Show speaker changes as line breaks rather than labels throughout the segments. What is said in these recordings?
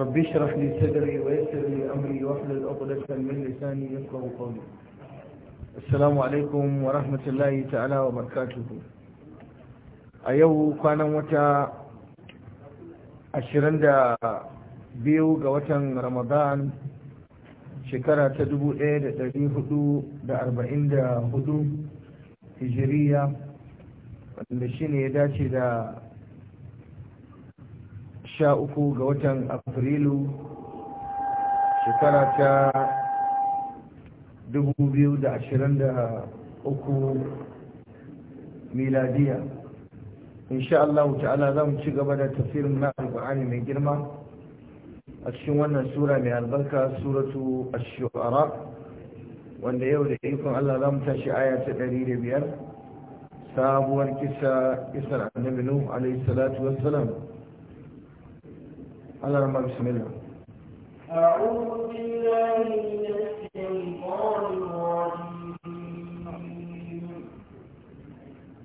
رب اشرح لي صدري ويسر لي أمري واحلل عقدة من لساني يفقه قولي السلام عليكم ورحمة الله تعالى وبركاته أيوه كان متى ashirin da biyu ga watan ramadan shekara ta dubu ɗaya da ɗari hudu da arba'in da hudu hijiriya wanda shi ne ya dace da sha uku ga watan afrilu shekara ta dubu biyu da ashirin da uku miladiya insha ta'ala za mu ci gaba da tafsirin na alƙur'ani mai girma a cikin wannan sura mai albarka suratu ash-shu'ara wanda yau da ikon Allah za mu tashi aya ta ɗari da biyar sabuwar kisa kisar annabi nuh alaihi salatu wassalam على رمى بسم الله
أعوذ بالله من الشيطان الرجيم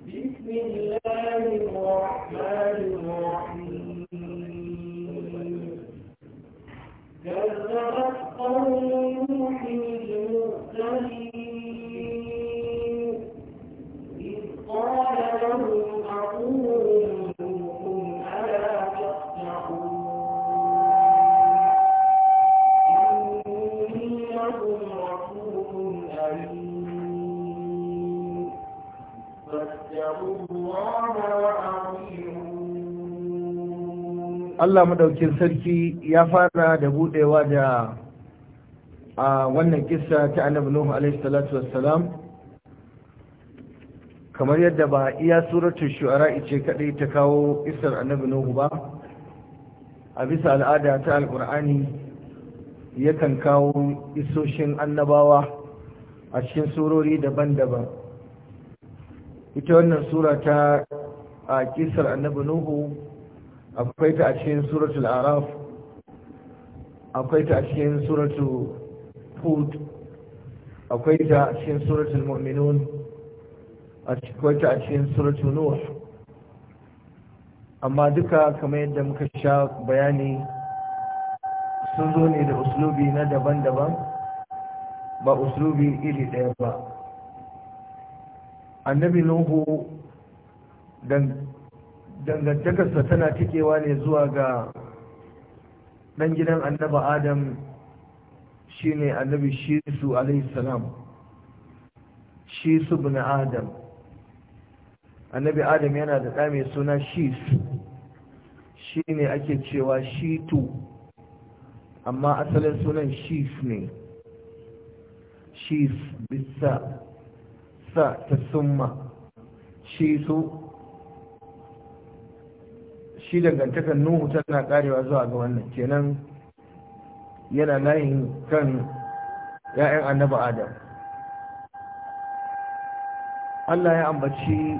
بسم الله الرحمن الرحيم كذبت قوم نوح المرسلين
Allah madaukin sarki ya fara da budewa da a wannan kissa ta annabi Nuhu alayhi salatu wassalam kamar yadda ba iya suratul shu'ara ice kadai ta kawo isar annabi Nuhu ba a bisa al'ada ta alqur'ani yakan kawo isoshin annabawa a cikin surori daban-daban ita wannan sura ta a kisar annabi Nuhu akwai ta a cikin suratul araf akwai ta a cikin suratul hud akwai ta a cikin suratul mu'minun akwai ta a cikin suratul nuh amma duka kamar yadda muka sha bayani sun zo ne da usulubi na daban-daban ba usulubi iri ɗaya ba annabi nuhu dan dangantakarsa tana tikewa ne zuwa ga dan gidan annaba adam shine annabi shisu salam shisu bin adam annabi adam yana da ɗa mai suna shisu shine ake cewa shitu amma asalin sunan shis ne shis bisa sa ta summa shisu shi dangantakar nuhu tana karewa zuwa ga wannan kenan yana layin kan ‘ya'yan annaba adam Allah ya ambaci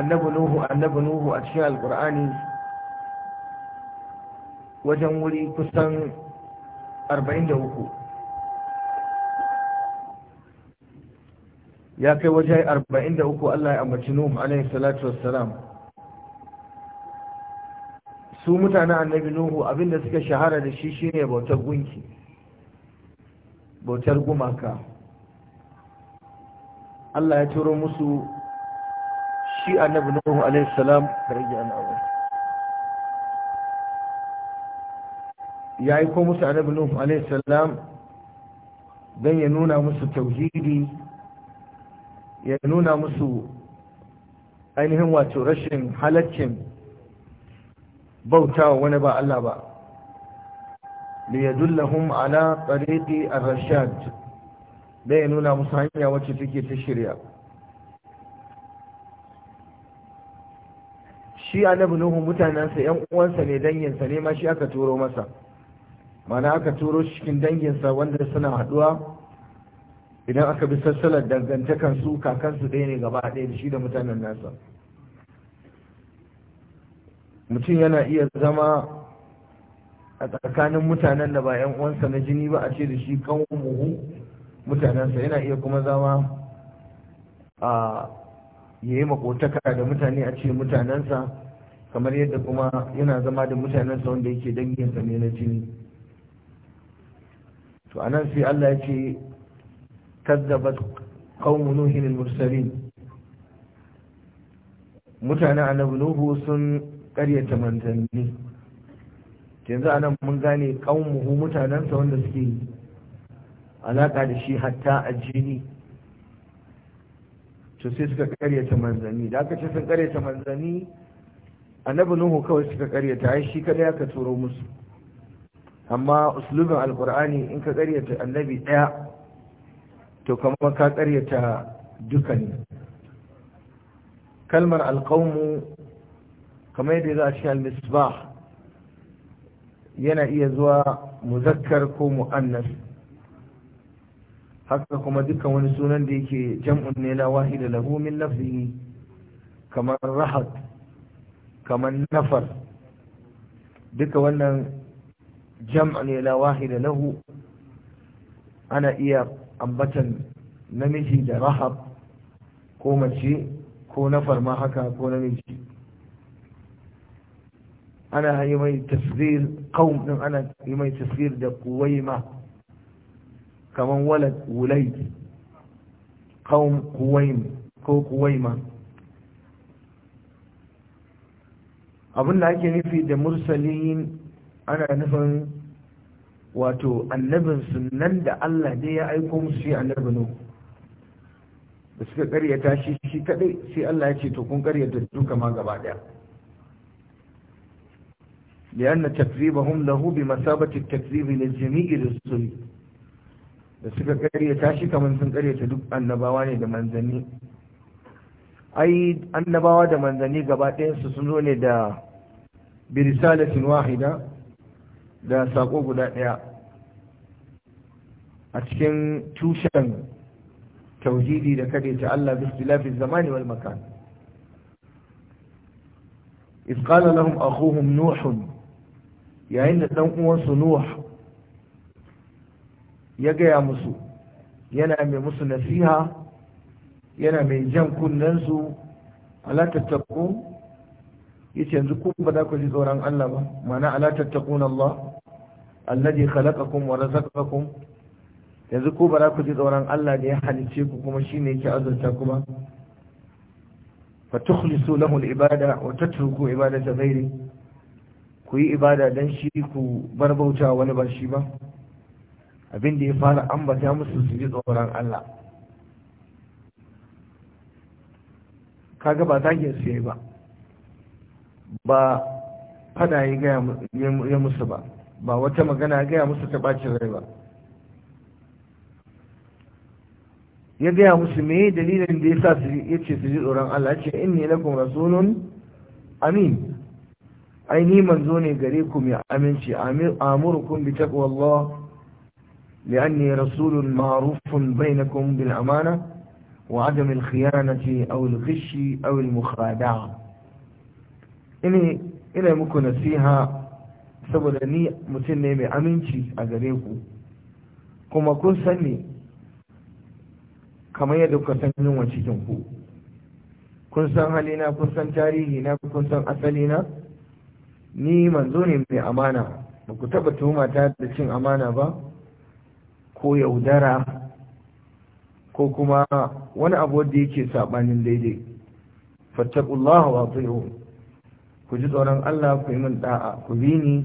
annabi nuhu annabi nuhu a cikin alkur'ani wajen wuri kusan 43 ya kai waje 43 Allah ya ambaci nuhu alaihi salatu wassalam su mutanen annabi nuhu abinda suka shahara da shi shine bautar gunki bautar gumaka Allah ya turo musu shi annabi nuhu alaihi salam da rage annabi ya ko musu annabi nuhu alaihi salam don ya nuna musu tauhidi ya nuna musu ainihin wato rashin halaccin bautawa wani ba Allah ba liyadullahum ala tariqi ar-rashad da ya nuna musu hanya wacce take ta shirya shi annabi nuhu mutanensa yan uwansa ne danginsa ne ma shi aka turo masa mana aka turo shi cikin danginsa wanda suna haduwa idan aka bi sassalar dangantakan su kakansu ɗaya ne gaba ɗaya da shi da mutanen nasa mutum yana iya zama a tsakanin mutanen da ba 'yan uwansa na jini ba a ce da shi kan muhu mutanensa yana iya kuma zama a ya yi makotaka da mutane a ce mutanensa kamar yadda kuma yana zama da mutanensa wanda yake danginsa ne na jini to a nan sai Allah ya ce kazzabat qaumun nuhin al-mursalin mutanen annabi nuhu sun Karyata manzanni yanzu anan mun gane muhu mutanensa wanda suke alaƙa da shi hatta a jini to sai suka karyata manzanni da aka ce sun karyata manzanni annabi nuhu kawai suka karyata, ai shi kada ya ka turo musu amma uslubin alƙur'ani in ka karyata annabi ɗaya to kamar ka karyata duka ne kalmar alƙaunmu kamar yadda za a ce al-misbah yana iya zuwa muzakkar ko mu'annas haka kuma dukkan wani sunan da yake jam'un ne la wahida lahu min lafzihi kamar rahat kamar nafar duka wannan jam'un ne la wahida lahu ana iya ambatan namiji da rahab ko mace ko nafar ma haka ko namiji ana yi mai tasgir qaum din ana yi mai tasgir da kuwaima kamar walad wulai qaum kuwaim ko kuwaima abin da ake nufi da mursalin ana nufin wato annabin sunan da Allah dai ya aiko musu shi annabi da suka karyata shi shi kadai sai Allah ya ce to kun karyata duka ma gaba daya لأن تكذيبهم له بمثابة التكذيب للجميع للرسل da suka karyata tashi kamar sun karyata duk annabawa ne da manzanni ai annabawa da manzani gaba ɗayansu sun zo ne da birisalatin wahida da sako guda ɗaya a cikin tushen tauhidi da karyata Allah bisbilafin zamani wal makan إذ قال لهم أخوهم نوح yayin da ɗan uwansu nuh ya gaya musu yana mai musu nasiha yana mai jan kunnensu alatattaku ya ce yanzu kun ba za ku ji tsoron Allah ba mana alatattakun Allah alladhi khalaqakum wa razaqakum yanzu ko ba za ku ji tsoron Allah da ya halice ku kuma shine yake azurta ku ba fa tukhlisu lahu al-ibada wa tatruku ibadata ghairi ku yi ibada don shi ku bar bauta wani ba shi ba abin da ya fara ambata musu su ji tsoron Allah kaga ba zagin su yi ba ba fada ya musu ba ba wata magana gaya musu ta ɓaci rai ba ya gaya musu me dalilin da ya sa ya ce su ji tsoron Allah ce inni lakum rasulun amin ai ni manzo ne gare ku mai aminci Amurkun bi taqwallah li'anni rasulun ma'rufun bainakum bil amana wa adam al khiyanati aw al ghishi aw al mukhada'a ini ina muku nasiha saboda ni mutum ne mai aminci a gare ku kuma kun sani kamar yadda kuka san yin kun san halina kun san tarihi kun san asali na ni manzo ne mai amana ba ku taba ta da cin amana ba ko yaudara ko kuma wani abu wanda yake saɓanin daidai fattaqullaha wa atiyu ku ji tsoron Allah ku yi min da'a ku bi ni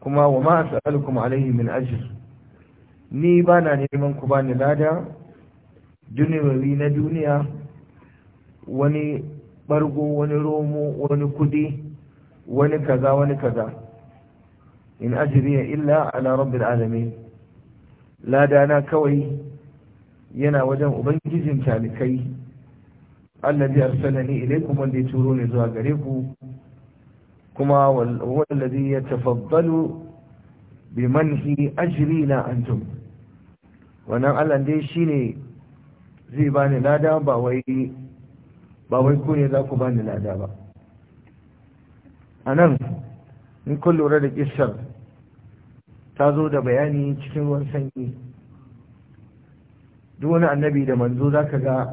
kuma wa ma as'alukum alaihi min ajr ni ba na neman ku bani lada duniyoyi na duniya wani bargo wani romo wani kudi wani kaza wani kaza in ajriya illa ala rabbil alamin ladana kawai yana wajen ubangijin talikai allazi arsalani ilaykum wanda ya turo ni zuwa gare ku kuma wallazi yatafaddalu bimanhi ajrina antum wannan Allah dai shine zai bani lada ba wai ba wai ku ne za ku bani lada ba a nan in kun lura da ƙissar ta zo da bayani cikin ruwan sanyi duk wani annabi da manzo za ka ga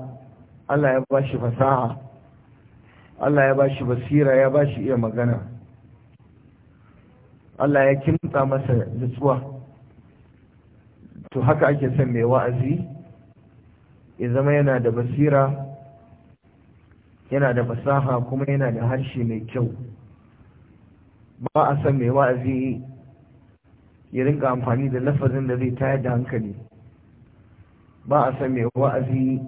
Allah ya ba shi fasaha Allah ya ba shi basira ya ba shi iya magana Allah ya kimta masa nutsuwa to haka ake son mai wa'azi ya zama yana da basira yana da fasaha kuma yana da harshe mai kyau ba a san mai wa'azi ya rinka amfani da lafazin da zai tayar da hankali ba a san mai wa'azi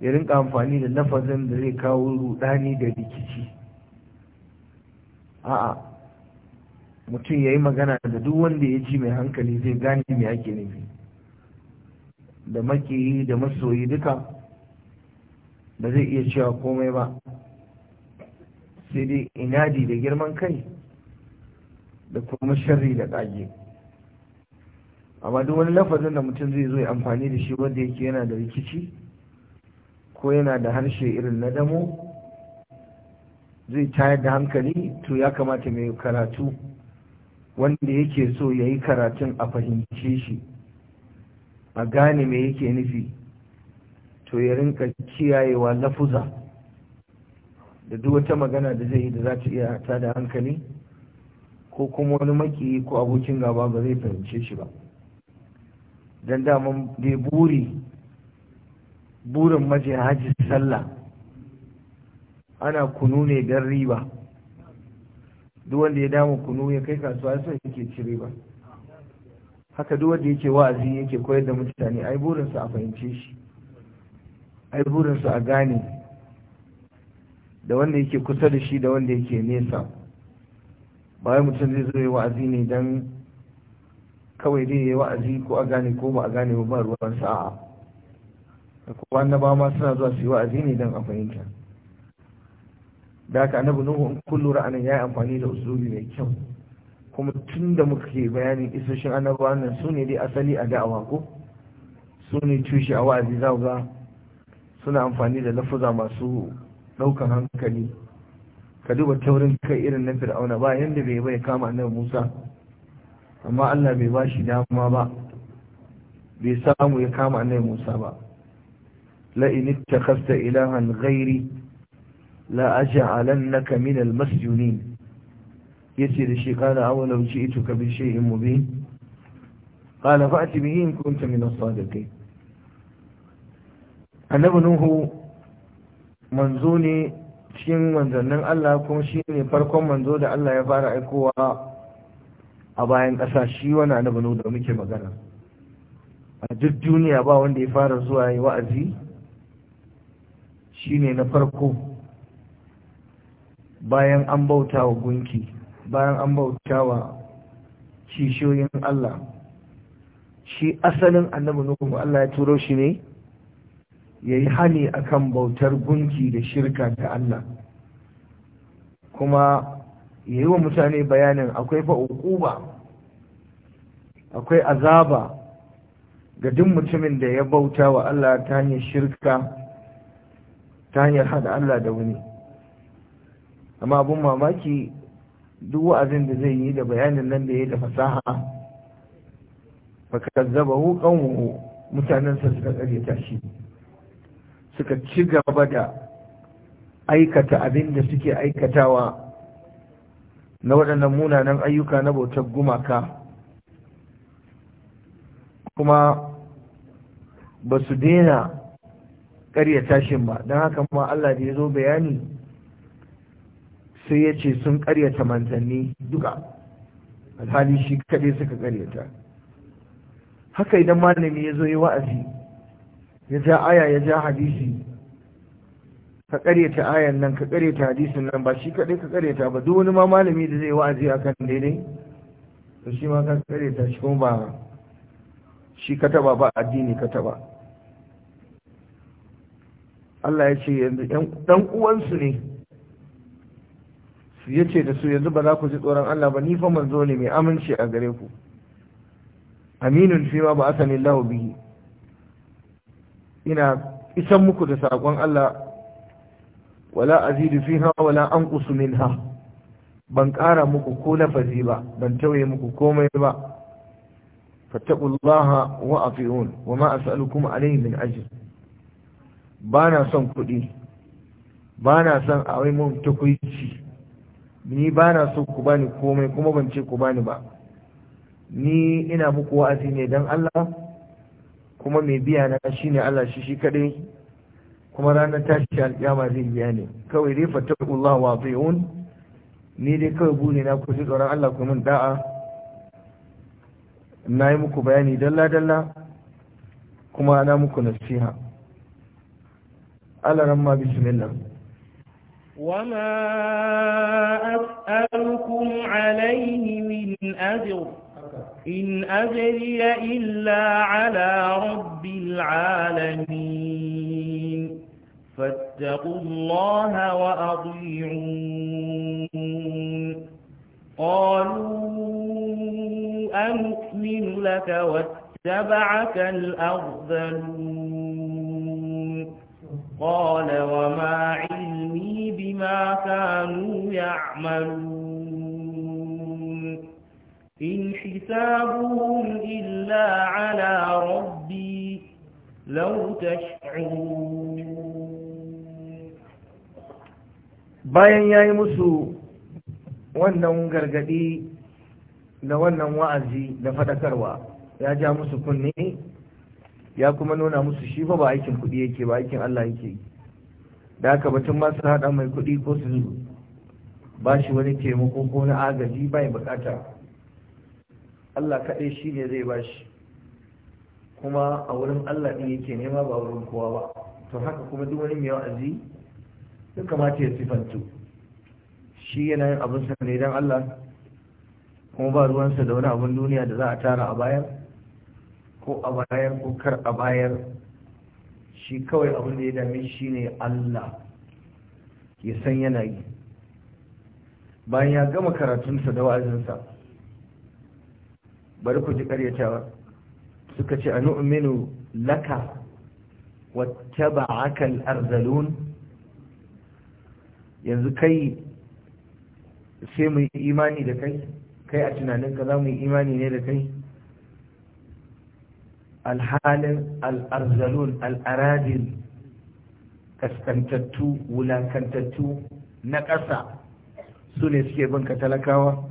ya rinka amfani da lafazin da zai kawo rudani da rikici a'a mutum ya yi magana da duk wanda ya ji mai hankali zai gane mai ake nufi da makiyi da masoyi duka ba zai iya cewa komai ba sai dai inadi da girman kai da kuma sharri da ƙage amma duk wani lafazin da mutum zai zo amfani da shi wanda yake yana da rikici ko yana da harshe irin na damo zai tayar da hankali to ya kamata mai karatu wanda yake so ya yi karatun a fahimce shi a gane mai yake nufi to ya rinka kiyayewa lafuza da duk wata magana da zai yi da za ta iya ta da hankali ko kuma wani maki ko abokin gaba ba zai fahimce shi ba don daman dai buri burin maje hajji sallah ana kunu ne don riba duk wanda ya dama kunu ya kai kasuwa ya sai yake ci riba haka duk wanda yake wa'azi yake koyar da mutane ai burinsu a fahimce shi ai burinsu a gane da wanda yake kusa da shi da wanda yake nesa bayan mutum zai zo yi wa'azi ne don kawai dai yi wa'azi ko a gane ko ba a gane ba ruwan sa'a da kuma annaba ma suna zuwa su yi wa'azi ne don a fahimta da aka annabu nuhu in kun lura ya yi amfani da usuli mai kyau kuma tun da muke bayanin isoshin annaba nan su ne dai asali a da'awa ko su ne tushe a wa'azi za ga suna amfani da lafuza masu ɗaukar hankali ka duba taurin kai irin na fir'auna ba yadda bai bai kama annabi musa amma allah bai ba shi dama ba bai samu ya kama annabi musa ba la'in ittakhasta ilahan ghairi la aj'alannaka min al-masjunin yace da shi kana awalau ji'tuka bi shay'in mubin qala fa'ti bihi in kunta min as-sadiqin annabi nuhu manzo ne cikin manzannin Allah kuma shi ne farkon manzo da Allah ya fara aikowa a bayan ƙasa shi wani annabinu da muke magana a duk duniya ba wanda ya fara zuwa yi wa'azi shi ne na farko bayan an bauta wa gunki bayan an bauta wa kishiyoyin Allah shi asalin annabinu kuma Allah ya turo shi ne ya yi hani kan bautar gunki da shirka ta Allah kuma ya yi wa mutane bayanin akwai fauƙuba akwai azaba ga duk mutumin da ya bauta wa Allah ta hanyar shirka ta hanyar hada Allah da wani amma abin mamaki duk wa'azin da zai yi da bayanin nan da ya da fasaha ba zaba wuƙan qawmuhu mutanansa suka tashi suka ci gaba da aikata abin da suke aikatawa na waɗannan munanan ayyuka na bautar gumaka kuma ba su daina ƙarya tashin ba don haka ma Allah da ya zo bayani sai ya ce sun ƙaryata manzanni duka alhali shi kaɗai suka ƙaryata haka idan malami ya zo yi wa'azi ya ja aya ya ja hadisi ka karyata ayan nan ka karyata hadisin nan ba shi kadai ka karyata ba duk wani ma malami da zai wa'azi akan daidai to shi ma ka karyata shi kuma ba shi ka taba ba addini ka taba Allah ya ce yanzu dan uwansu ne su yace da su yanzu ba za ku ji tsoron Allah ba ni fa manzo ne mai aminci a gare ku aminun fi ma ba asanillahu bihi ina isan muku da sakon Allah wala azidu fiha wala anqusu minha ban ƙara muku ko lafazi ba ban tauye muku komai ba fattaqullaha wa atiun wa ma as'alukum alayhi min ajr bana son kuɗi bana son a wai mun tukuici ni bana so ku bani komai kuma ban ce ku bani ba ni ina muku wa'azi ne dan Allah kuma mai biya na shine Allah shi shi kadai kuma ranar tashi alƙiyama zai biya ne kawai dai fattakullahu wa fi'un ni dai kawai buri na ku ji tsoron Allah ku min da'a na yi muku bayani dalla-dalla kuma na muku nasiha Allah ran ma bismillah
وما أسألكم عليه من أجر إن أجري إلا على رب العالمين فاتقوا الله وأضيعون قالوا أنؤمن لك واتبعك الأرذلون قال وما علمي بما كانوا يعملون إن حسابهم إلا على ربي لو تشعرون
bayan ya yi musu wannan gargadi da wannan wa'azi da faɗakarwa ya ja musu kunne ya kuma nuna musu shi ba ba aikin kuɗi yake ba aikin Allah yake da haka batun masu haɗa mai kuɗi ko su ba shi wani taimako ko na agaji bai bukata Allah kaɗai shi ne zai bashi kuma a wurin Allah ɗin yake nema ba wurin kowa ba to haka kuma duk wani mai wa'azi ya kamata ya sifantu shi yana yin abin sa ne don Allah kuma ba ruwansa da wani abin duniya da za a tara a bayar ko a bayar ko kar a bayar shi kawai abin da ya dame shi ne Allah ya san yana yi bayan ya gama karatunsa da wa'azinsa bari ku ji karyatawa suka ce anu'minu laka wattaba'aka al-arzalun yanzu kai sai mu yi imani da kai kai a tunaninka za mu yi imani ne da kai alhalin al'arzalun al'aradin kaskantattu wulakantattu na ƙasa su ne suke binka talakawa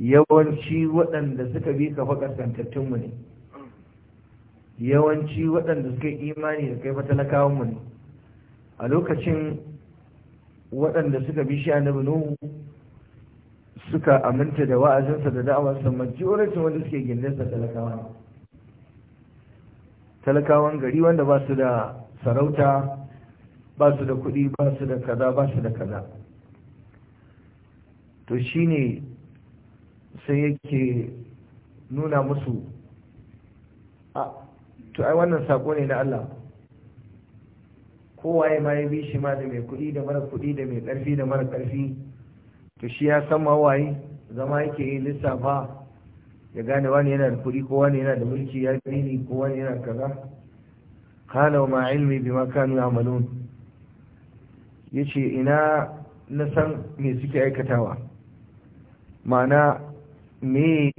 yawanci waɗanda suka bi ka faƙar santattunmu ne yawanci waɗanda suka yi imani da kai mu ne a lokacin waɗanda suka bi shi annabi nuhu suka aminta da wa'azinsa da da'awarsa majoritin wanda suke gindinsa talakawa talakawan gari wanda ba su da sarauta ba su da kuɗi ba su da kaza ba su da kaza to shine sai yake nuna musu a to ai wannan sako ne na Allah kowaye ma ya bi shi ma da mai kuɗi da mara kuɗi da mai ƙarfi da mara ƙarfi to shi ya san ma waye zama yake yi lissafa ya gane wani yana da kuɗi ko wani yana da mulki ya ni ko wani yana kaza kana ma ilmi bima kanu ya'malun yace ina na san me suke aikatawa ma'ana me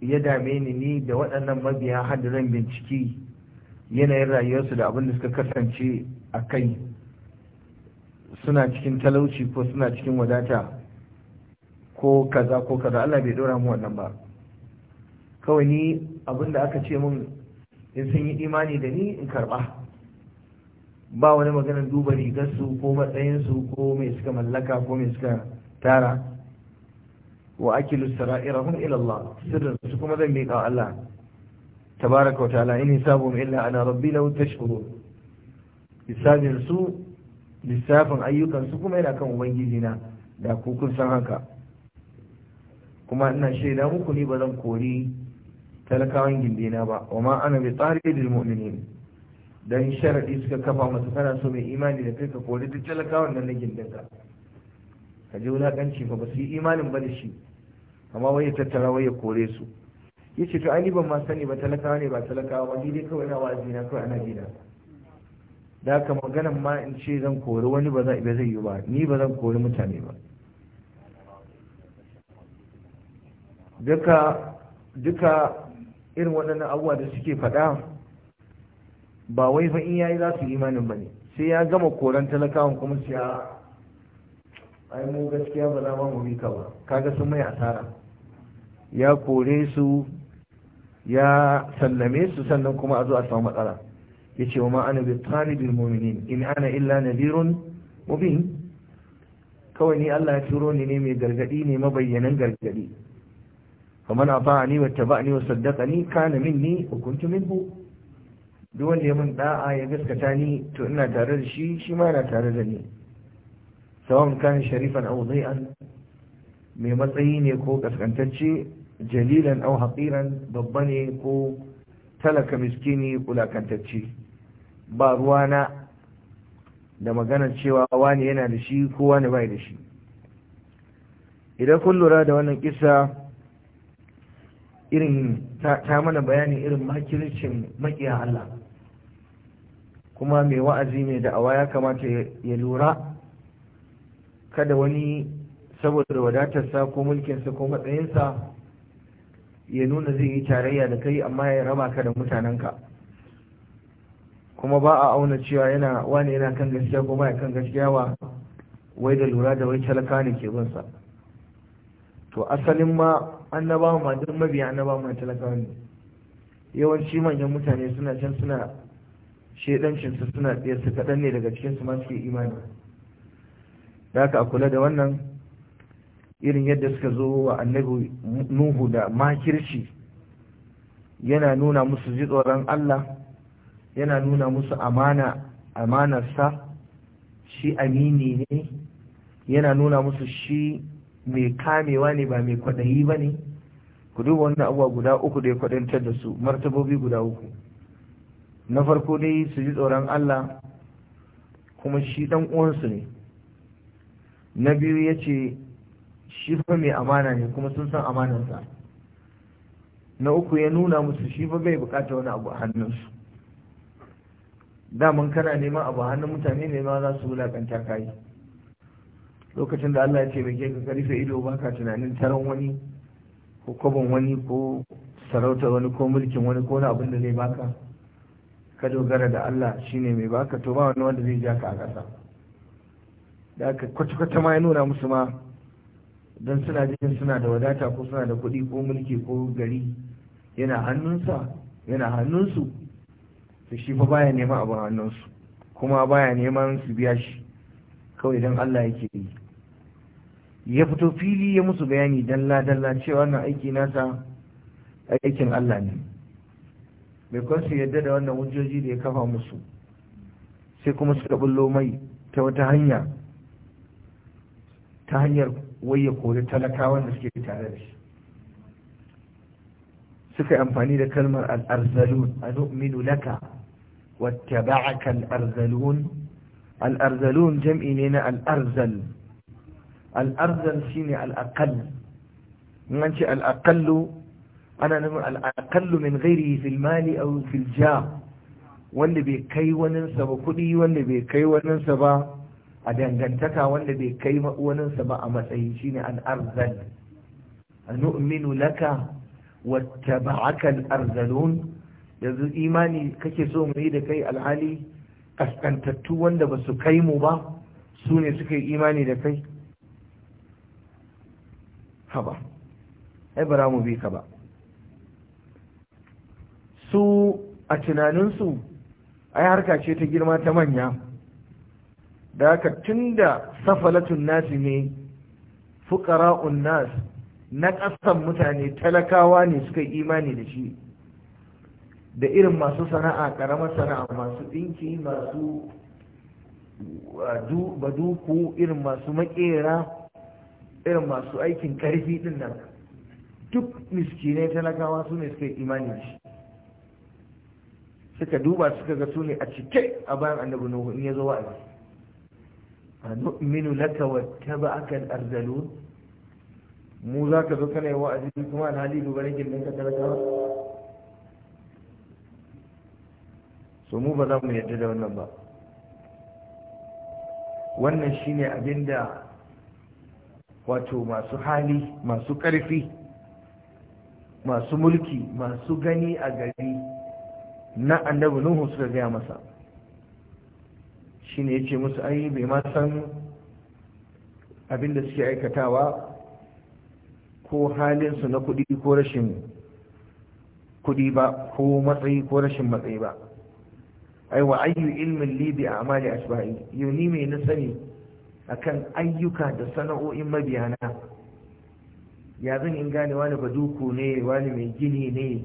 ya dame ni ni da waɗannan mabiya hadarin binciki yanayin rayuwarsu da abin da suka kasance a kai suna cikin talauci ko suna cikin wadata ko kaza ko kaza Allah bai dora mu wannan ba kawai ni abin da aka ce mun in sun yi imani da ni in karba ba wani maganar duba rigarsu ko matsayinsu ko mai suka mallaka ko mai suka tara wa akilu sara'irahum ila Allah sirrin su kuma zan miƙa Allah tabaraka wa ta'ala in hisabum illa ana rabbi law tashkurun hisabin su lissafin ayyukan su kuma yana kan ubangiji na da ku kun san haka kuma ina shaida muku ni ba zan kori talakawan na ba wa ma ana bi tsaridil mu'minin dan sharadi suka kafa masa kana so mai imani da kai ka kori duk talakawan nan na gindinka ka ji wani fa ba su yi imanin ba da shi amma wai ya tattara wai ya kore su ya ce to ai ban ma sani ba talakawa ne ba talakawa ba dai kawai na wa'azi na kawai ana gida da haka maganan ma in ce zan kori wani ba zai yi ba ni ba zan kori mutane ba duka duka irin waɗannan abubuwa da suke faɗa ba wai fa in yayi za su imanin ba ne sai ya gama koran talakawan kuma sai ya ai mu gaskiya ba za mu bi ka ba kaga sun mai asara ya kore su ya sallame su sannan kuma a zo a samu matsala ya ce wa ma ana bi talibin muminin in ana illa nadirun mubin kawai ni Allah ya turo ni ne mai gargadi ne mabayyanan gargadi faman ata'ani wattaba'ani wasaddaqani kana minni wa kuntu minhu duk wanda ya mun da'a ya gaskata ni to ina tare da shi shi ma yana tare da ni sawan kan sharifan aw day'an mai matsayi ne ko kaskantacce jalilan aw haqiran babba ne ko talaka miskini kulakantacce ba ruwa ruwana da maganar cewa awa ne yana da shi ko wani bai da shi idan kun lura da wannan kisa irin ta mana bayanin irin makircin maƙiya Allah kuma mai wa'azi mai da'awa ya kamata ya lura kada wani saboda wadatarsa ko mulkinsa ko matsayinsa ya nuna zai yi tarayya da kai amma ya raba ka da mutanenka kuma ba a auna cewa yana wani yana kan gaskiya ko ba kan gaskiya wa wai da lura da wai talaka ne ke binsa to asalin ma annaba ma duk mabiya annaba ma talakawa ne yawanci manyan mutane suna can suna shedancin su suna tsaye su kaɗan ne daga cikin su ma suke imani da a kula da wannan irin yadda suka zo wa annabi nuhu da makirci yana nuna musu ji tsoron Allah yana nuna musu amana amanarsa shi amini ne yana nuna musu shi mai kamewa ne ba mai kwaɗayi ba ne ku duba wannan abuwa guda uku da ya kwaɗantar da su martabobi guda uku na farko dai su ji tsoron Allah kuma shi ɗan uwansu ne na biyu ya ce shi fa mai amana ne kuma sun san amanansa na uku ya nuna musu shi fa bai bukata wani abu a hannunsu daman kana neman abu a hannun mutane ne ma za su wulakanta kayi lokacin da Allah ya ce bai ka karfe ido ba ka tunanin taron wani ko kwabon wani ko sarautar wani ko mulkin wani ko na abin da zai baka ka dogara da Allah shine mai baka to ba wani wanda zai ja ka a ƙasa da aka kwace-kwace ma ya nuna musu ma don suna jin suna da wadata ko suna da kuɗi ko mulki ko gari yana hannunsa yana hannunsu su shi fa baya neman abin hannunsu kuma baya neman su biya shi kawai don Allah yake yi ya fito fili ya musu bayani dalla-dalla cewa wannan aiki nasa aikin Allah ne bai su yadda da wannan hujjoji da ya kafa musu sai kuma suka bullo mai ta wata hanya ta hanyar waye kori talakawan da suke tare da shi suka amfani da kalmar al'arzalun a nu'minu laka wata ba'aka al'arzalun al'arzalun jam'i ne na al'arzal al'arzal shi ne al'akal an ce al'akallu ana nufin al'akallu min gairi fil mali au fil ja wanda bai kai waninsa ba kuɗi wanda bai kai waninsa ba a dangantaka wanda bai kai ma'uwaninsa ba a matsayi shine an arzal nu'minu laka wata ba'akan arzalun yanzu imani kake so mu yi da kai alhali kaskantattu wanda ba su kai mu ba su ne suka yi imani da kai haba ai bara mu bi ka ba su a tunaninsu ai harka ce ta girma ta manya da haka tunda safalatun nasi ne fuqara'un nas na ƙasan mutane talakawa ne suka imani da shi da irin masu sana'a ƙaramar sana'a masu ɗinki masu uh, baduku irin masu makera irin masu aikin ƙarfi ɗin nan duk miskinai talakawa su ne suka imani da shi suka duba suka ga su ne a cike a bayan annabi nuhu in ya zo wa'azi nu'minu laka wattaba'aka al-arzalun mu za ka zo kana yi wa'azi kuma alhali duba nake nan ka talakawa so mu ba za mu yarda da wannan ba wannan shine abinda wato masu hali masu ƙarfi masu mulki masu gani a gari na annabi nuhu suka gaya masa shine ce musu ai bai ma san abin da suke aikatawa ko halinsu na kuɗi ko rashin kudi ba ko matsayi ko rashin matsayi ba ai wa ayyu ilmin libi a a'mali Yau ni mai na sani akan ayyuka da sana'o'in mabiyana ya zan in gane wani baduku ne wani mai gini ne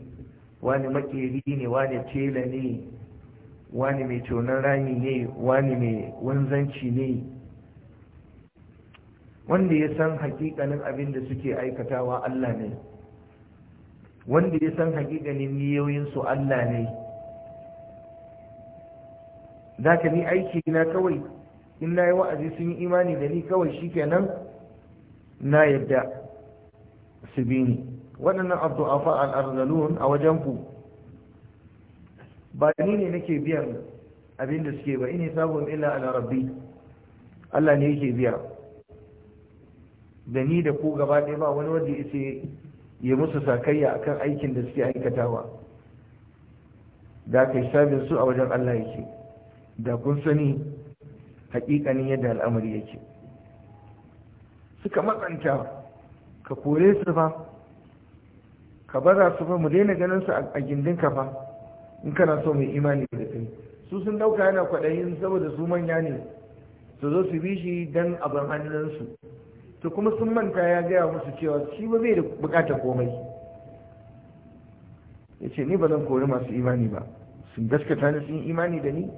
wani makeri ne wani tela ne wani mai tonon rami ne wani mai wanzanci ne wanda ya san hakikanin abin da suke aikatawa Allah ne wanda ya san hakikanin niyoyinsu Allah ne za ka ni aiki na kawai in na yi wa'azi sun yi imani da ni kawai shikenan na yadda su bi ni waɗannan abdu'afa al'arzalun a wajen ku ba ni ne nake biyan abin da suke ba ina sabon illa ala rabbi Allah ne yake biya da ni da ku gaba ɗaya ba wani wanda yace ya musu sakayya akan aikin da suke aikatawa da kai sabin su a wajen Allah yake da kun sani hakikanin yadda al'amari yake suka matsanta ka kore su ba, ka bara su ba mu daina ganin su a gindin ka fa in kana so mai imani da kai su sun dauka yana kwaɗayin saboda su manya ne su zo su bi shi dan abin hannunsu to kuma sun manta ya gaya musu cewa shi ba zai bukata komai ya ce ni ba zan kori masu imani ba sun gaskata ni sun imani da ni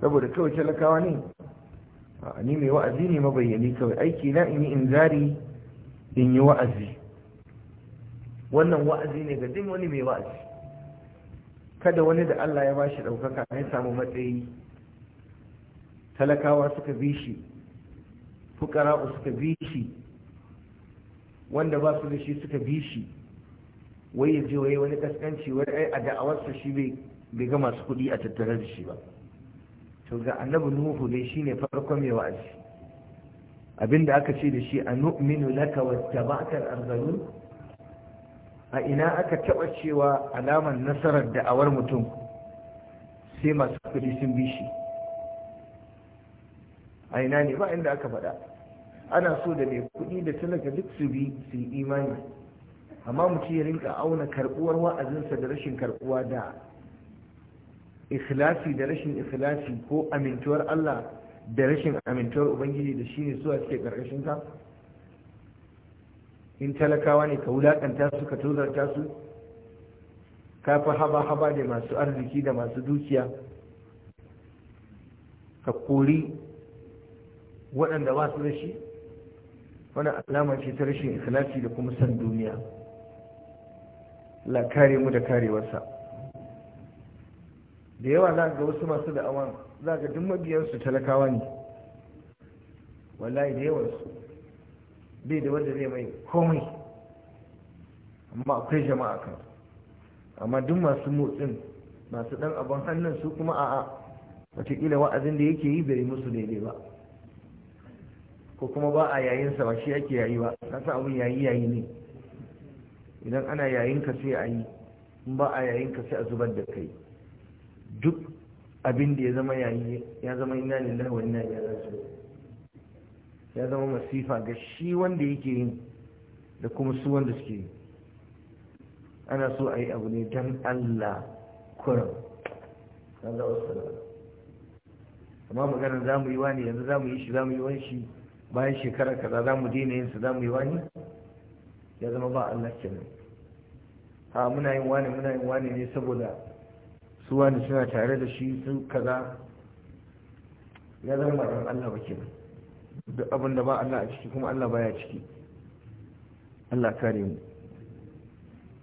saboda kawai talakawa ne ni mai wa'azi ne mabayyani kawai aiki na in yi inzari in yi wa'azi wannan wa'azi ne ga duk wani mai wa'azi kada wani da Allah ya bashi ɗaukaka ya samu matsayi talakawa suka bi shi fukara suka bi shi wanda ba su da shi suka bi shi wai ya je wai wani kaskanci wai ai a da'awarsa shi bai ga masu kuɗi a tattare da shi ba to ga annabi nuhu dai shine farkon mai wa'azi abinda aka ce da shi a nu'minu laka wattaba'tal arzalu a ina aka taɓa cewa alamar nasarar da'awar mutum sai masu kudi sun bi shi a ina ne ba inda aka faɗa ana so da mai kudi da talaka duk su bi su yi imani amma mutum ya rinka auna karbuwar wa'azinsa da rashin karbuwa da ikhlasi da rashin ikhlasi ko amintuwar Allah da rashin amintuwar Ubangiji da shi shine suwa suke ƙarƙashin ka in talakawa ne ka wulaƙanta su ka tozarta su ka fi haba-haba da masu arziki da masu dukiya ka kori waɗanda ba su da shi wani alama ce ta rashin ikilasi da kuma san duniya la kare mu da karewarsa da yawa za ga wasu masu da'awan za ga duk mabiyansu talakawa ne wallahi da yawansu bai da wanda zai mai komai amma akwai jama'a kan amma duk masu motsin masu dan abin hannun su kuma a'a watakila wa'azin da yake yi bai musu daidai ba ko kuma ba a yayin sa ba shi ake yayi ba kasa abin yayi yayi ne idan ana yayin ka sai a yi in ba a yayin ka sai a zubar da kai duk abin da ya zama yayi ya zama ina lillahi wa inna ilaihi raji'un ya zama masifa ga shi wanda yake yin da kuma su wanda suke yi ana so a yi abu ne don allah kuram allah wasu amma maganar za mu yi wani yanzu za mu yi shi za mu yi wanshi bayan shekarar kaza za mu daina yin su za mu yi wani ya zama ba allah ke nan. ha muna yin wani muna yin wani ne saboda su wani suna tare da shi su kaza ya zama ba don allah ba nan. duk abin da ba Allah a ciki kuma Allah baya ciki Allah kare mu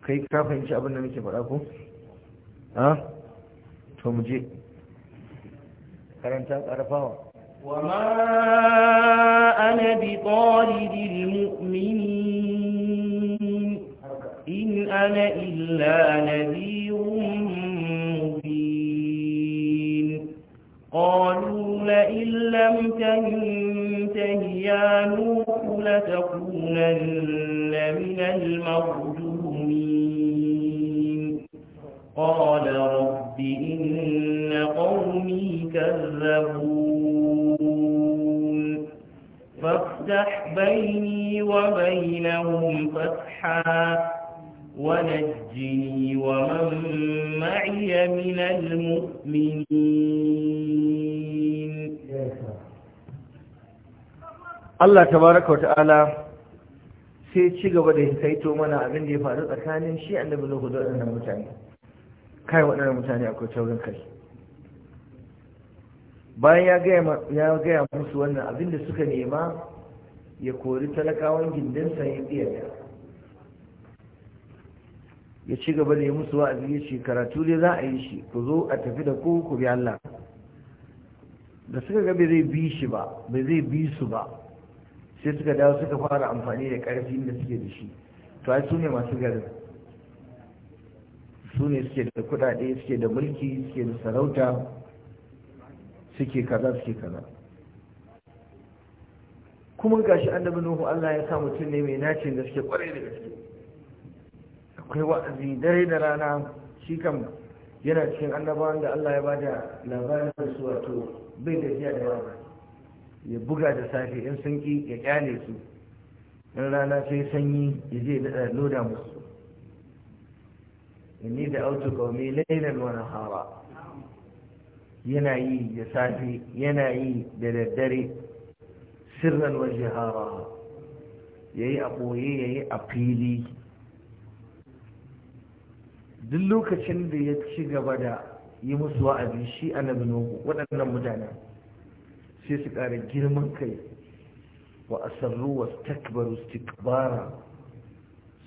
kai ka fahimci abin da muke faɗa ko ha to mu je
karanta ƙarfawa وما أنا بطارد المؤمنين إن أنا إلا نذير قالوا لئن لم تنته يا نوح لتكونن من المرجومين قال رب إن قومي كذبون فافتح بيني وبينهم فتحا ونجني ومن معي من المؤمنين
Allah Ta Baraka tabaraka ta'ala sai ci gaba da kaito mana abin da ya faru tsakanin shi annabi Nuhu da waɗannan mutane kai waɗannan mutane akwai taurin kai bayan ya gaya musu wannan abin da suka nema ya kori talakawan gindinsa ya tsiyarta ya ci gaba da yi musu wa'azi ya ce karatu dai za a yi shi ku zo a tafi da ku ku bi Allah da suka ga bai zai bi shi ba bai zai bi su ba sai suka dawo suka fara amfani da ƙarfin da suke da shi to ai su ne masu garin su ne suke da kudade suke da mulki suke da sarauta suke kaza suke kaza kuma gashi annabi nuhu Allah ya sa mutum ne mai nacin suke kware da gaske akwai wa'azi dare da rana shi kam yana cikin annabawan da Allah ya bada labarin su wato bai gajiya da wani ya buga da safe in sun ki ya kyale su in rana sai sanyi ya je da loda musu inni da auto qaumi lailan wani hawa yana yi da safe yana yi da daddare sirran hawa ya yi a ya yayi a fili duk lokacin da ya ci gaba da yi musu wa'azi shi annabi nuhu waɗannan mutanen sai su ƙara girman kai wa asarru wa takbaru istikbara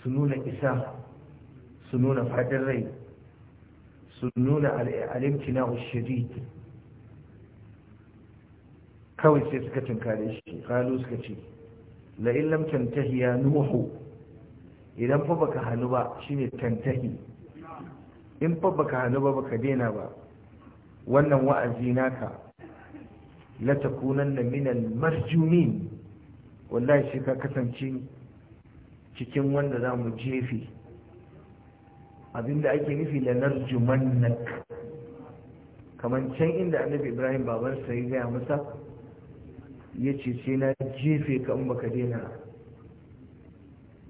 su nuna isa su nuna faɗin rai su nuna alimtina ushiri kawai sai suka tunkare shi kalu suka ce la'in tantahi ya nuhu idan fa baka hannu ba shi ne tantahi in fa baka hannu ba baka daina ba wannan wa'azi naka la takunanna minal marjumin wallahi shi ka kasance cikin wanda za mu jefe abinda ake nufi da narjumannak kamar can inda annabi ibrahim babansa ya gaya masa yace ce sai na jefe ka in baka daina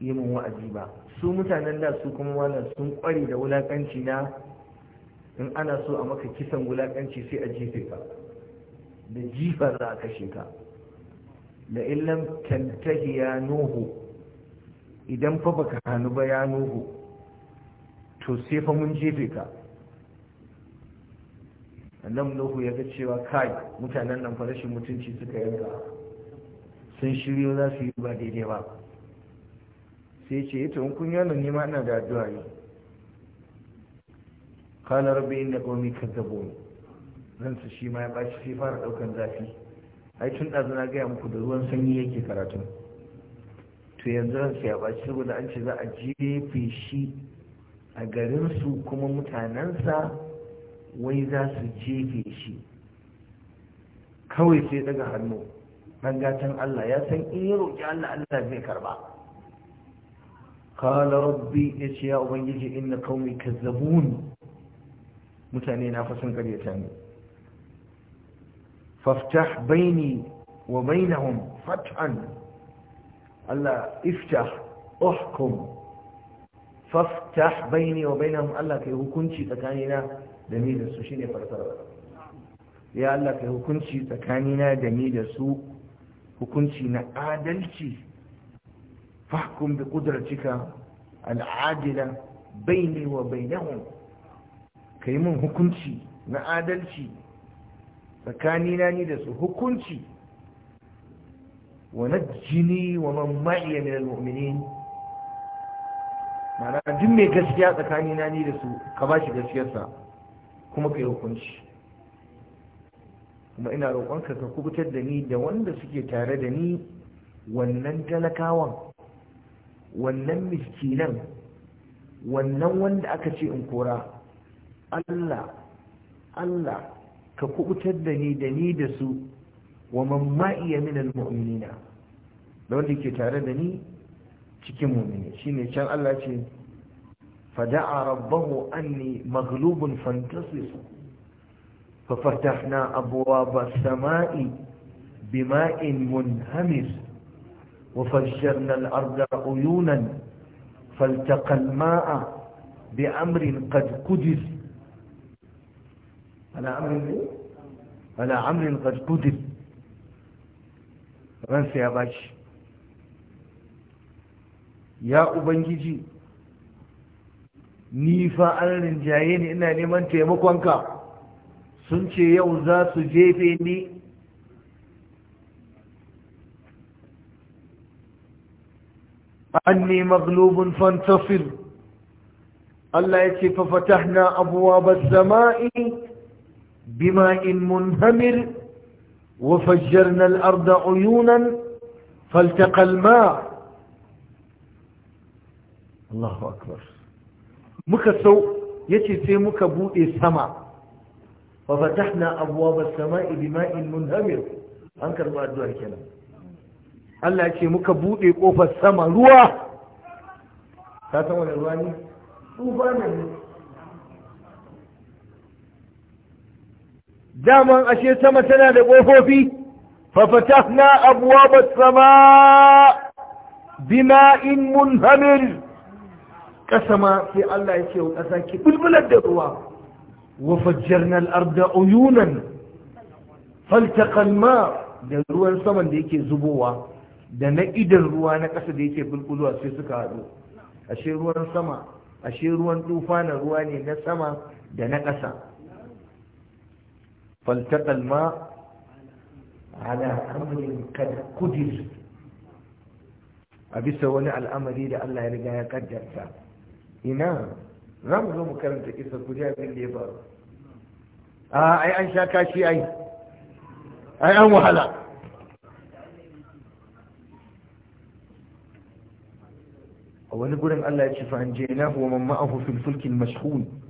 yi wa'azi ba su mutanen da su kuma wannan sun kware da wulakanci na in ana so a maka kisan wulakanci sai a jefe ka da jifar za a kashe ka da illan tantahi ya nuhu idan fa baka hannu ba ya nuhu to sai fa mun jefe ka annan nuhu ya ga cewa kai mutanen nan fa rashin mutunci suka yanka sun shiryo za su yi ba daidai ba sai ce ita eh in kun yana nema ina da addu'a ne qala rabbi inna qaumi ne. ransa shi ma ya bashi sai fara ɗaukan zafi ai tun ɗazu na gaya muku da ruwan sanyi yake karatu to yanzu ransa ya bashi saboda an ce za a jefe shi a garinsu kuma mutanensa wai za su jefe shi kawai sai daga hannu ɗan gatan Allah ya san in ya roƙi Allah Allah zai karba kala rabbi ya ce ya ubangiji inna qaumi kazzabun mutane na fasan karyata ne فافتح بيني وبينهم فتحا ألا افتح احكم فافتح بيني وبينهم ألا كي هكونشي تكانينا دميد السوشيني فرطر يا ألا كي هكونشي تكانينا دميد السو هكونشي نعادلشي فاحكم بقدرتك العادلة بيني وبينهم هو هكونشي نعادلتي tsakanina ni da su hukunci wa najjini wa man ma'iya min almu'minin ma'ana duk mai gaskiya tsakanina ni da su ka ba shi gaskiyarsa kuma ka yi hukunci kuma ina roƙonka ka kubutar da ni da wanda suke tare da ni wannan talakawan wannan miskinan wannan wanda aka ce in kora Allah Allah كقوتد دني دني دسو ومن مائي من المؤمنين لون دي كتارة دني تكي مؤمنين شيني شان الله تي فدعا ربه أني مغلوب فانتصر ففتحنا أبواب السماء بماء منهمر وفجرنا الأرض عيونا فالتقى الماء بأمر قد قدر ala amrin ne ala ransa ya bashi ya ubangiji ni fa an rinjaye ina neman taimakonka sun ce yau za su jefe ni anni maglubun fantafir Allah ya ce fa fatahna abuwa as-sama'i بماء منهمر وفجرنا الأرض عيونا فالتقى الماء الله أكبر مكسو يتي سي بوئي سماء ففتحنا أبواب السماء بماء منهمر أنكر ما أدوها كنا قال ce muka buɗe ƙofar sama ruwa ka san wani daman ashe sama tana da ƙofofi abuwa ba sama Bina'in munhamir ƙasa ma sai Allah ya ce wa ƙasa ki bulbular da ruwa wa fajjarna al-arda uyunan faltaqa ma da ruwan saman da yake zubowa da na idan ruwa na ƙasa da yake bulbulwa sai suka haɗu ashe ruwan sama ashe ruwan tufa na ruwa ne na sama da na ƙasa فالتقى الماء على أمر قد قدر أبي سوالي على الأمر إلي الله يرجع قد جرسا هنا رمض نعم، مكرم نعم، تكيس القدر باللي بار آه أي أنشا كاشي أي أي أم وحلا أولي قولنا الله يكشف عن جيناه ومن معه في الفلك المشحون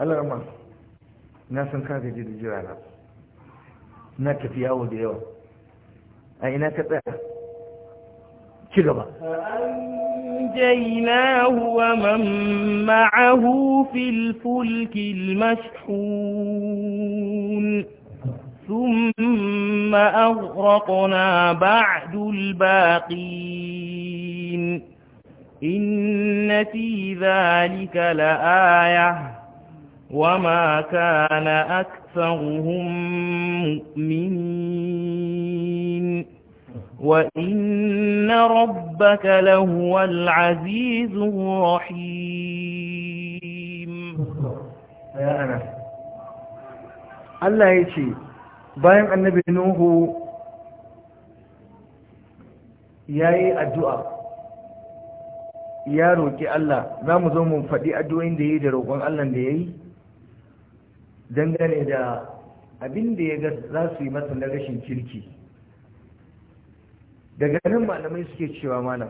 الله رمضان na san ka gaji da jira na na tafi yawo da yawa a ina ka tsaya ci gaba
فأنجيناه ومن معه في الفلك المشحون ثم أغرقنا بعد الباقين إن في ذلك لآية وما aksan أكثرهم مؤمنين وإن ربك لهو العزيز الرحيم يا أنا الله
يشي باين النبي نوح yayi addu'a ya roki Allah za mu zo mu faɗi addu'o'in da yayi da roƙon Allah da yayi dangane da abin da ya ga za su yi masa na rashin kirki daga nan malamai suke cewa mana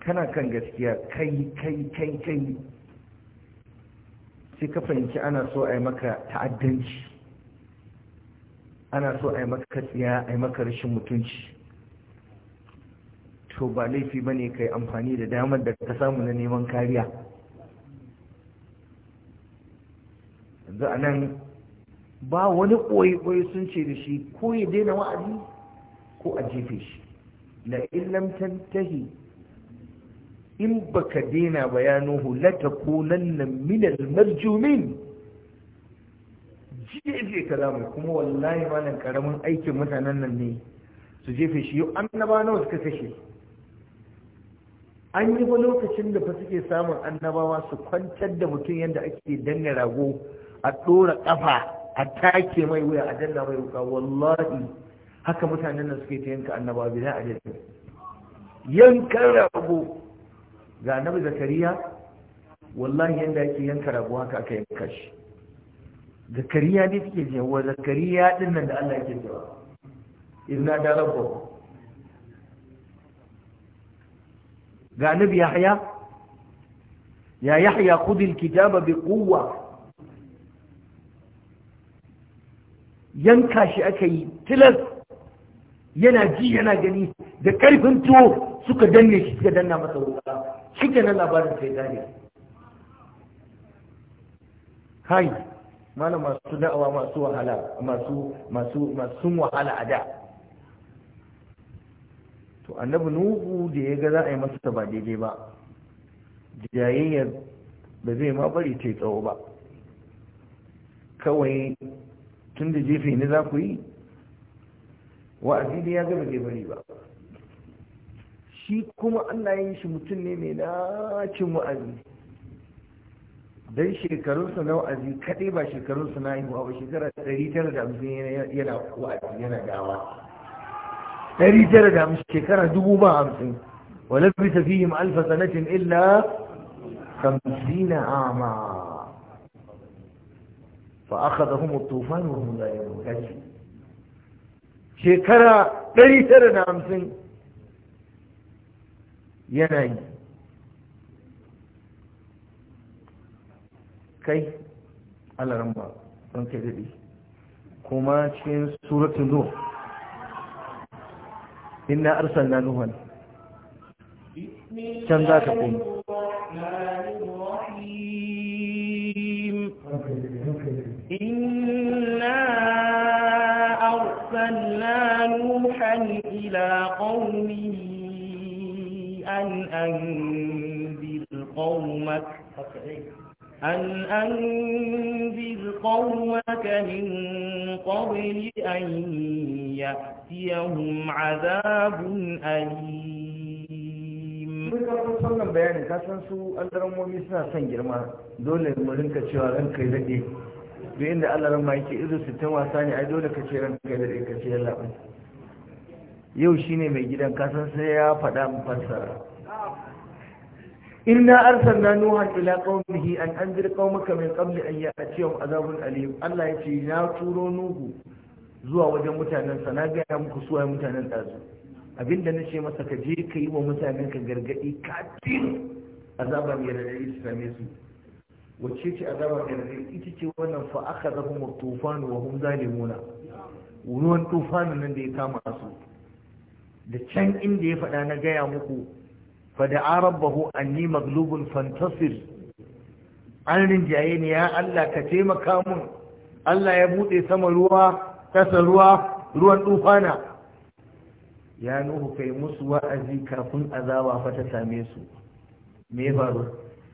kana kan gaskiya kai kai kai kai sai ka fahimci ana so a yi maka ta'addanci ana so a yi maka tsiya a yi maka rashin mutunci to ba laifi ba ne ka yi amfani da damar da ka samu na neman kariya yanzu a nan ba wani koyi-koyi sun ce da shi ko ya daina wa'azi ko a jefe shi na illam tantahi in baka daina bayanuhu la takunanna na al-marjumin jefe kalamu kuma wallahi malam karamin aikin mutanen nan ne su jefe shi yau annaba nawa suka kashe an yi ba lokacin da fa suke samun annabawa su kwantar da mutum yadda ake danne rago a ɗora ƙafa a take mai wuya a danna mai wuka wallahi haka mutanen nan suke ta yanka annaba bi a jannah yankan rago ga annabi zakariya wallahi yanda yake yanka rago haka aka yanka shi zakariya ne suke cewa wa zakariya din nan da Allah yake cewa idna da rabbu ga annabi yahya ya yahya khudh alkitaba biquwwa yanka shi aka yi tilas yana ji yana gani da karfin tuwo suka danne shi suka danna masa wuta shi nan labarin sai dare kai mana masu da'awa masu wahala masu masu masu wahala a da to annabi nuhu da ya ga za a yi masa ba daidai ba jayayyar ba zai ma bari ta tsawo ba kawai tun da jefe ne za ku yi wa'azi da ya gaba zai bari ba shi kuma allah ya yi shi mutum ne mai nacin wa'azi don shekarunsa na wa'azi kaɗai ba shekarunsa na yi ba shekara 950 yana wa'azi yana gawa 950 shekara dubu ba hamsin ولبث فيهم ألف illa? إلا خمسين عاما fa الطوفان وهم لا wa hum la yarun kaji shekara yana yi kai alaran ba don kai daɗi kuma cikin suratun nuh inna na nuhan
can za ka kuma إنا أرسلنا نوحا إلى قومه أن أنذر قومك أن أنذر قومك من قبل أن يأتيهم عذاب أليم
wannan bayanin kasan su an daren suna son girma dole mu cewa ranka yi daɗe duk inda Allah ran ma yake su sittin wasa ne ai dole ka ran kai da kace ce yau shine mai gidan kasan sai ya faɗa mu fassara inna arsalna nuha ila qaumihi an anzir qaumaka min qabli an ya'tiyahum azabun alim Allah yace na turo nuhu zuwa wajen mutanen sa na gaya muku suwaye mutanen su abinda na ce masa ka je ka yi wa mutanen ka gargadi kafin azabar su same su wacce ce azabar gargaɗi ita ce wannan fa aka zafi tufanu wa hum zalimuna ruwan tufanu nan da ya kama su da can inda ya faɗa na gaya muku fa da arabahu anni maglubun fantasir an rinjaye ne ya Allah ka taimaka mun Allah ya buɗe sama ruwa kasa ruwa ruwan tufana ya nuhu kai musu wa'azi kafin azaba fa ta same su me faru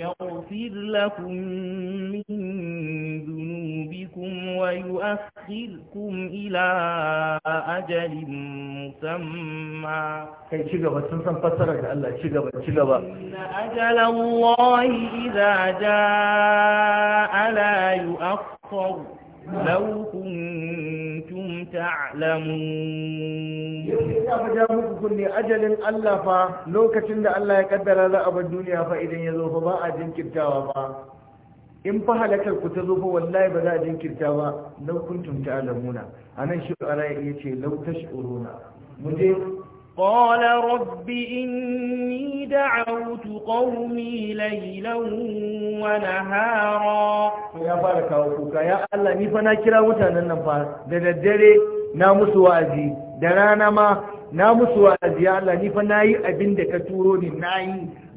يغفر لكم من ذنوبكم ويؤخركم إلى أجل مسمى
كي شغبا سنسان فسرك ألا شغبا شغبا إن
أجل الله إذا جاء لا يؤخر لو كنتم تعلمون ya fa muku kunne ajalin Allah fa lokacin da Allah ya kaddara za a bar duniya fa idan ya zo fa ba a
jinkirtawa fa in fa halakar ku ta zo fa wallahi ba za a jinkirta ba law kuntum ta'lamuna anan shi ara ya ce law tash'uruna mu je
قال رب إني دعوت قومي ليلا ونهارا يا بارك
وفوك يا الله نفنا كرا متانا نفار دردري ناموس وعزي درانا ما ناموس وعزي يا الله نفنا أبن دك توروني ناي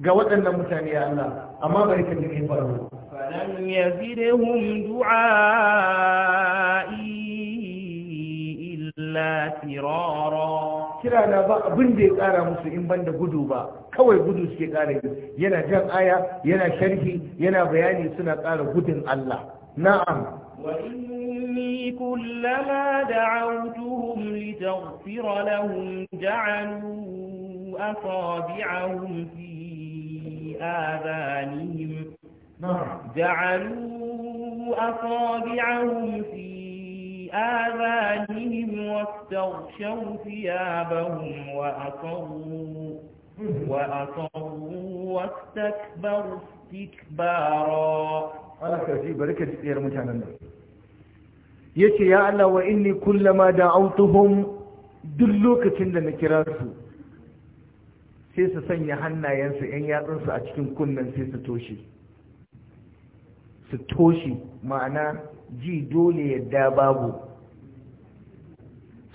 قوتنا متانا يا الله أما بارك لك
فلم يزدهم دعائي إلا فرارا kira na ba abin da
ya kara musu in banda gudu ba kawai gudu suke kara yi yana jan aya yana sharhi yana bayani suna kara gudun Allah na'am
wa inni kullama da'awtuhum litaghfira lahum ja'alu asabi'ahum fi adanihim ja'alu asabi'ahum fi آذانهم واستغشوا ثيابهم وأصروا وأصروا واستكبروا استكبارا أنا كذي
بركة يا رمتان yace يا الله وإني كلما دعوتهم da'awtuhum duk lokacin sai su sanya hannayensu yan yatsunsu a cikin kunnen sai su toshe su toshe ma'ana ji dole yadda babu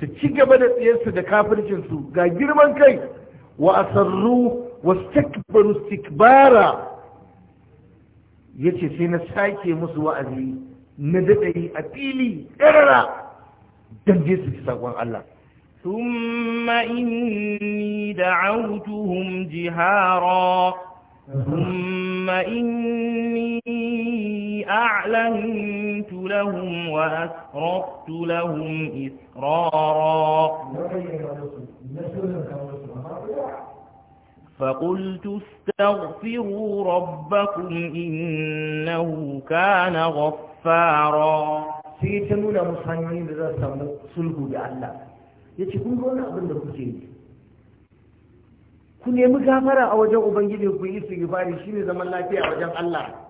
su ci gaba da tsayarsu da kafircinsu ga girman kai wa asarru wa stakbaru stikbara ya ce sai na sake musu wa'azi na daɗari a fili ƙarara don je su ci saƙon Allah
ثم إني دعوتهم جهارا ثم إني أعلنت لهم وأسرقت لهم إسرارا فقلت استغفروا ربكم إنه كان غفارا سيتنون مصنعين ذا
سمو سلقوا بألا يتكون قولنا أبن لكتين ku nemi gafara a wajen ubangiji ku yi istighfari shine zaman lafiya a wajen Allah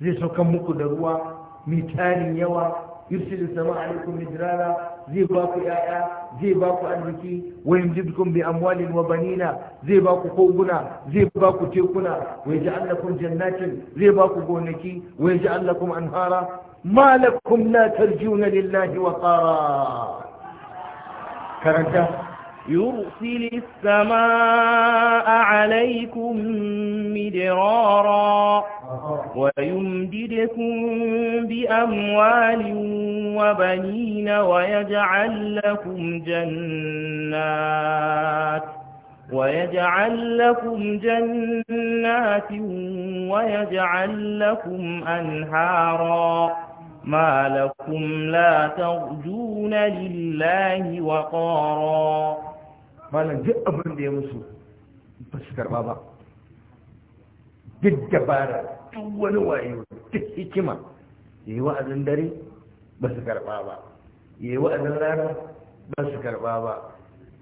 zai saukan muku da ruwa mai tarin yawa yursilu sama alaikum mijrara zai ba ku yaya zai ba ku arziki wa yumjidkum bi amwalin wa banina zai ba ku koguna zai ba ku tekuna wa yaj'al lakum jannatin zai ba ku gonaki wa yaj'al lakum anhara ma lakum la tarjuna
lillahi wa qara karanta يرسل السماء عليكم مدرارا ويمددكم بأموال وبنين ويجعل لكم جنات ويجعل لكم جنات ويجعل لكم أنهارا ما لكم لا ترجون لله وقارا malam duk abin da ya musu ba su karba
ba duk dabara duk wani wayo duk hikima ya yi wa'azin dare ba su karba ba ya yi wa'azin rana ba su karba ba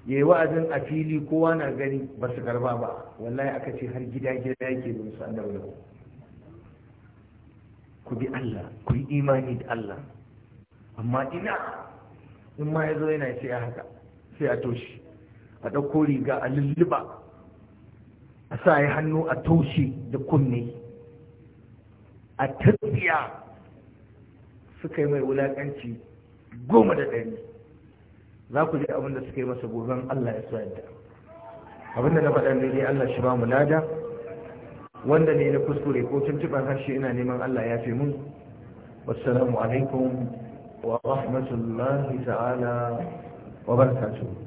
ya yi wa'azin a fili kowa na gani ba su karba ba wallahi aka ce har gida gida yake bin su annabi ku bi Allah ku yi imani da Allah amma ina in ma ya zo yana ce haka sai a toshi a ɗauko riga a lulluba a sa ya hannu a toshe da kunne a tafiya suka yi mai wulaƙanci goma da ɗari za ku ji da suka yi masa goben Allah ya so yadda da na faɗa ne dai Allah shi ba mu lada wanda ne na kuskure ko tuntuɓar harshe ina neman Allah ya fi mun wassalamu alaikum wa rahmatullahi ta'ala wa barakatuh